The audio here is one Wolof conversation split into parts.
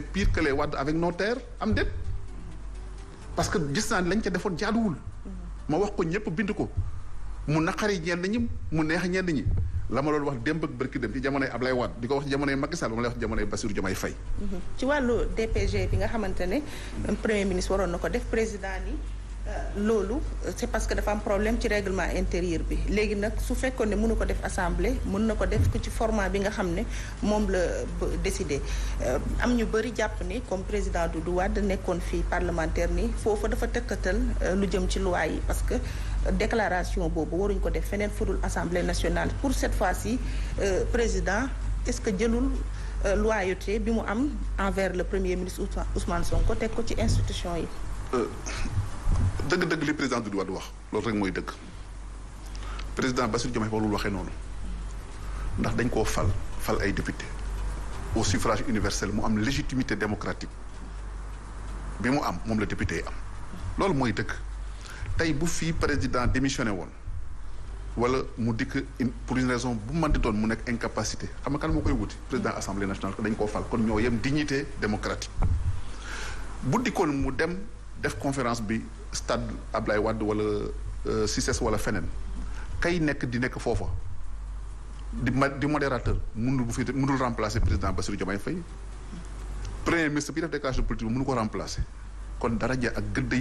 pire que les Wade avec nos am dem parce que gis naa lañ ca defoon jaaduwul ma wax ko ñëpp bind ko mu naqari ñenn ñi mu neex ñenn ñi la ma doon wax démb ak bërki dem ci jamonoy lay Wade di ko wax ci jamonoy Macky Sall ma lay wax jamonoy Bassirou Diomaye Faye mhm. ci wàllu DPG bi nga xamante ne premier ministre waroon na ko def président ni Euh, loolu c'est parce que dafa am problème ci réglement intérieur bi léegi nag su fekkoon ne mënu ko def assemblée mën na ko def ko ci format bi nga xam ne moom la décidé euh, am ñu bëri jàpp ni comme président Doudou Wade nekkoon fii parlementaire ni foofu dafa tëkkatal euh, lu jëm ci loi yi parce que déclaration boobu waruñ ko def feneen furul assemblée nationale pour cette fois-ci président est-ce que jëlul loyauté bi mu am envers le premier ministre Ousmane Sonko teg ko ci institution yi dëgg-dëgg li président Doudou Wade wax loolu rek mooy dëgg président Bassirou Diomaye lu waxee noonu ndax dañ koo fal fal ay député au suffrage universel mu am légitimité démocratique bi mu am moom la député yi am loolu mooy dëgg tey bu fii président démissionné woon wala mu dikk pour une raison bu mën te doon mu nekk incapacité xam nga kan moo koy wuti président assemblée nationale ko dañ koo fal kon ñoo yem dignité démocratique bu dikkoon mu dem def conférence bi stade Ablaye Wade wala euh, Cissé wala feneen kay nekk di nekk foofa di di modérateur mënul bu fi mënul remplacer président Bassirou Diomaye Faye premier ministre bi def ko remplacer kon daraja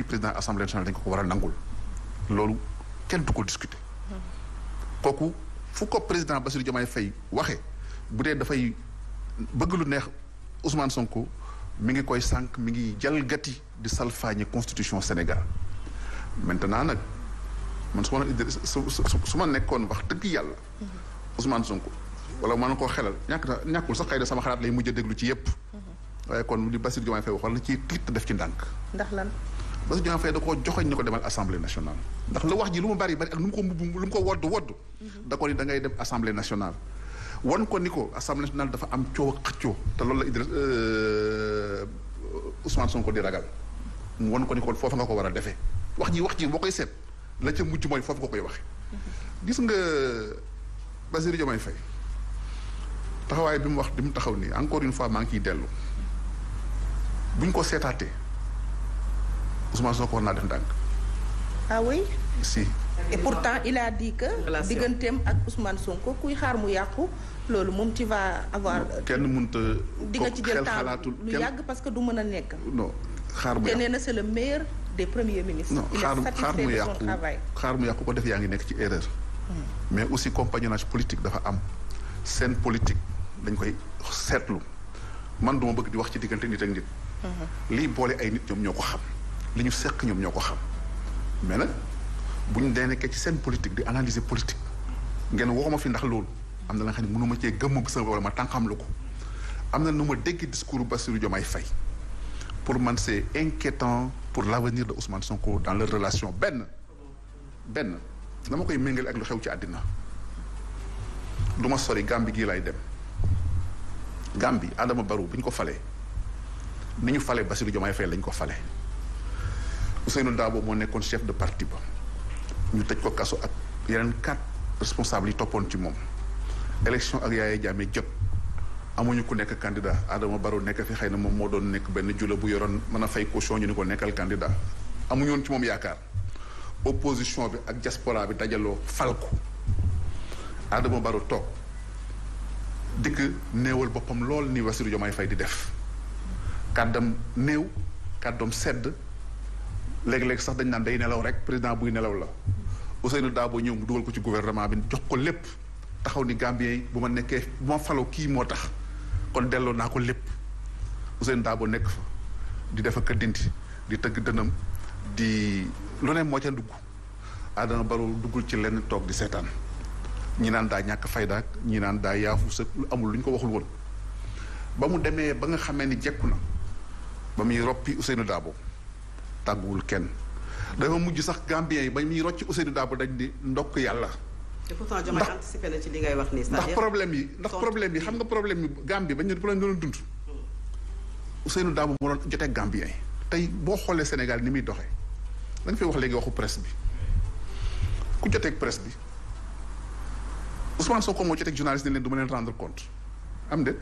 président assemblée nationale dañ ko ko war a nangul loolu kenn du ko discuter kooku fu ko président Bassirou Diomaye Faye waxee bu dee dafay bëgg lu neex Ousmane Sonko mi ngi koy sànq mi ngi jalgati di salfaañe constitution Sénégal maintenant nag man su ma su su ma nekkoon wax dëgg yàlla mhm. Ousmane Sonko wala man koo xelal ñàkk na ñàkkul sax xëy na sama xalaat lay mujj a déglu ci yépp mhm. waaye kon li Bassirou Diomaye Faye wax war ci ciy tiit def ci ndànk. ndax lan. Bassirou Diomaye Faye da koo joxoñ ni ko demal assemblée nationale. ndax la wax ji lu mu bari bari ak lu mu ko mbubb lu mu ko wodd wodd. Mhm. da ko ni da dem assemblée nationale. wan ko ni ko assemblée nationale dafa am coow ak xëccoo te loolu la Idriss euh, Ousmane Sonko di ragal mu wan ko ni ko foofa nga ko war a defee wax ji wax ji boo koy seet la ca mujj mooy foofu nga koy waxe gis nga Bassirou Diomaye Faye taxawaay bi mu wax bi mu taxaw nii encore une fois maa ngi ciy dellu buñ ko seetaatee Ousmane Sonko war naa def ndànk. Ah et pourtant il a dit que. digganteem ak Ousmane Sonko kuy xaar mu yàqu loolu moom ci va avoir. Euh, kenn mënut di nga ci jël temps lu yàgg parce que du mën a nekk. non xaar mu yàqu te nee na c'est le meilleur des premiers ministres. non xaar xaar xaar mu yàqu ko def yaa ngi nekk ci erreur. Hmm. mais aussi compagnonnage politique dafa am seen politique dañ koy seetlu man duma bëgg di wax ci diggante nit ak nit. Hmm. lii boole ay nit ñoom ñoo ko xam li ñu seq ñoom ñoo ko xam mais bu ñu dee nekkee ci seen politique di analyser politique ngeen ma fi ndax loolu am na la nga xam ne mënu ma cee gëmm sa wala ma tànqam la ko am na nu ma dégg discours Bassirou Diomaye Faye pour man c'est inquiétant pour l'avenir de Ousmane Sonko dans leur relation benn benn dama koy méngale ak lu ci àddina du ma sori Gàmbi gii lay dem Gàmbi Adama Barrow bi ñu ko falee ni ñu falee Bassirou Diomaye Faye lañ ko fale Ousseynou Dabo moo nekkoon chef de parti ba ñu tëj ko kaso ak yeneen quatre responsables yi toppoon ci moom élection ak Yaya Jammeh jot amuñu ku nekk candidat Adama baru nekk fi xëy na moom moo doon nekk benn jula bu yoroon mën a fay caution ñu ni ko nekkal candidat amuñu woon ci moom yaakaar opposition bi ak diaspora bi dajaloo fal ko Adama Barrow toog dikk néewal boppam lool ni Bassirou Diomaye fay di def kàddam néew kàddam sedd léeg-léeg sax dañ naan day nelaw rek président buy nelaw la Ousseynou Dabo ñëw mu dugal ko ci gouvernement bi jox ko lépp taxaw ni Gambien yi bu ma nekkee bu ma faloo kii moo tax kon delloo naa ko lépp Ousseynou Dabo nekk fa di def ak di tëgg dënam di lu ne moo ca dugg Adama Barrow duggul ci lenn toog di seetaan ñi naan daa ñàkk faydaak ñi naan daa yaafu sëg lu amul lu ñu ko waxul woon ba mu demee ba nga xamee ni jekku na ba muy roppi Ousseynou daabo tàgguwul kenn dama mujj sax Gambien yi ba ñuy rocc Ousseynou Dabo dañ di ndokk yàlla. te pourtant Diomaye anticipé na ci li ngay wax nii. ndax problème yi ndax problème yi xam nga problème yi Gambie ba ñu problème doon dund. Hmm. Ousseynou Dabo moo doon jotee Gambien yi tey boo xoolee Sénégal ni muy doxee da nga fay wax léegi waxu presse bi ku joteeg presse bi Ousmane ko moo joteeg journaliste ne leen du ma leen rendre compte am déet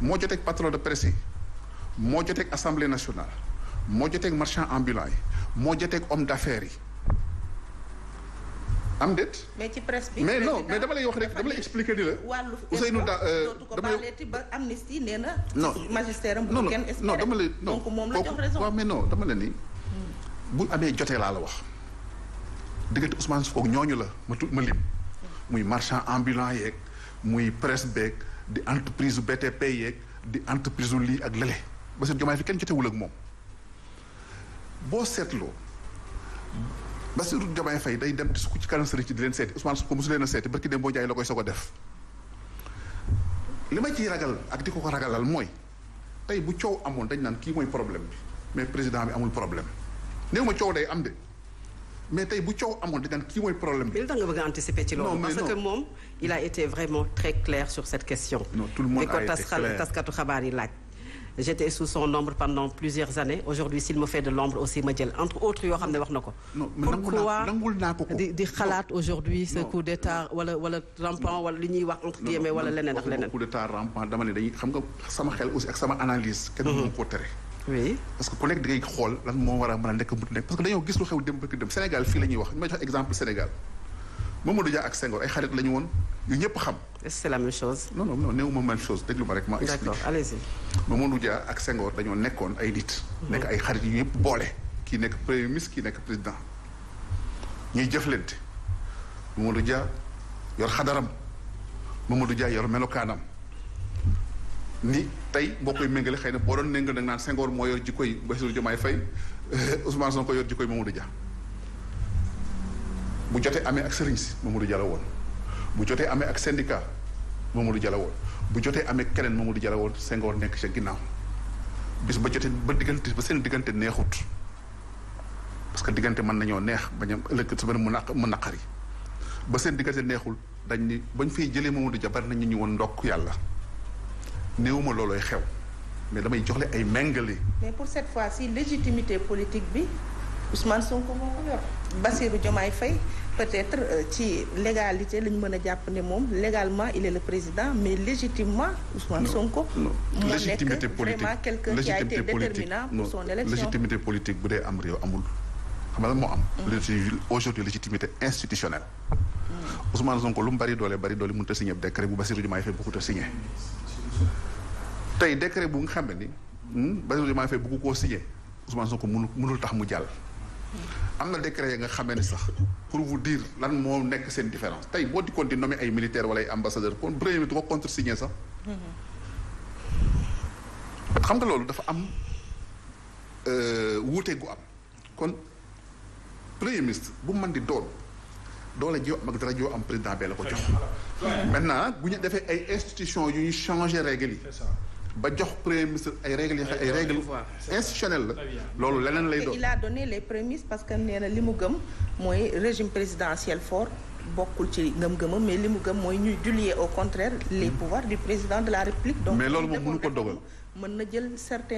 moo joteeg patron de presse yi moo joteeg assemblée nationale moo joteeg marchand ambulant yi. moo joteeg homme d'affaires yi am déet. mais ci presse bi. mais non mais dama lay wax rek dama lay expliquer di la. wàllu Ousseynou da euh, dama lay ba amnistie nee na. non magistère am bu kenn espérer non moom la jox raison waaw mais non dama bu amee jotee laa la wax diggante Ousmane Sonko ñooñu la ma ma lim. muy marchand ambulant yeeg muy presse beeg di entreprise BTP yeeg di entreprise lii ak lële ba seen jomaay fi kenn jotewul ak moom. boo seetloo Bassirou Diomaye Faye day dem di sukk ci kanam sëriñ ci di leen seeti Ousmane Sonko mosu leen a seeti barki dem boo jaay la koy soog a def li ma ciy ragal ak di ko ko ragalal mooy tey bu coow amoon dañ naan kii mooy problème bi mais président bi amul problème néew ma coow day am de mais tey bu coow amoon dañ naan kii mooy problème bi. mais nga bëgg a anticiper ci loolu. parce que moom il a été vraiment très clair sur cette question. non tout le xabaar yi laaj. j'étais sous son ombre pendant plusieurs années aujourd'hui s'il me fait de l'ombre aussi ma jël entre autres yoo xam ne wax na ko pourquoi di di xalaat aujourd'hui ce coup d'état wala wala rampant wala li ñuy wax entre guillemets wala leneen ak leneen coup d'état rampant dama ne dañuy xam nga sama xel aussi ak sama analyse kenn mhm. mënu ko tere oui parce que ku nekk da xool lan moo war a mën a nekk mu nekk parce que dañoo gis lu xew dem bëgg dem Sénégal fii la ak Senghor ay xarit la woon yu ñëpp xam. est-ce que c'est la même chose. non non non néewuma même chose déglu ma rek ma explique. ak Senghor dañoo nekkoon ay nit. Mhm. nekk ay xarit yu ñëpp boole. ki nekk premier ministre kii nekk président ñuy jëflante Mamadou Dia yor xadaram Mamadou jaa yor melokaanam ni tey boo koy méngale xëy na boo doon méngale nag naan sengoor moo yor jikkoy Bassirou Diomaye Faye Ousmane Sonko yor jikkoy Mamadou Dia bu jotee amee ak sëriñ si Mamadou Dia la woon. bu jotee amee ak syndicat Mamadou Dia la woon bu jotee amee keneen Mamadou du la woon Senghor nekk ca ginnaaw bis ba jotee ba diggante ba seen diggante neexut parce que diggante mën nañoo neex bañ a ëllëg su benn mu naq mu naqari ba seen diggante neexul dañ di bañ fay jëlee Mamadou Dia bari nañu ñu woon ndokk yàlla néewuma loolooy xew mais damay joxle ay méngale. mais pour cette fois-ci légitimité politique bi Ousmane ko moo ko yor Bassirou Diomaye fey peut-être euh, ci légalité la ñu mën a jàpp ne moom légalement il est le président mais légitimement Ousmane Sonko. non non légitimité politique a été déterminant pour légitimité politique bu dee am réew amul. xam nga lan moo am. Mm. aujourd'hui légitimité institutionnelle. Mm. Ousmane Sonko lu mu bari doole bari doole mënut a signé décret bu Bassirou Diomaye Faye bëggut a signé. tey décret bu nga xam ne ni hmm, Bassirou Diomaye Faye bëggu koo signé Ousmane Sonko mënul mënul tax mu jàll. am na décret ya nga xamee ni sax pour vous dire lan moo nekk seen différence tey boo dikkoon di nommer ay militaire wala ay ambassadeur kon premier ministre du ko contre xam nga loolu dafa am euh, wuute gu am kon bu man di doon doole joo am ak dara joo am président bee la ko jox maintenant bu ñu defee ay institution yu ñu changé règle yi ba jox premier ministre ay règles ay règles institutionnelles la loolu leneen lay doon. il a donné les prémices parce que nee li mu gëm mooy régime présidentiel fort bokkul ci ngëm-ngëmam mais li mu gëm mooy ñuy diluer au contraire les hmm. pouvoirs du président de la république. donc mais loolu moom mënu ko dogal mën na jël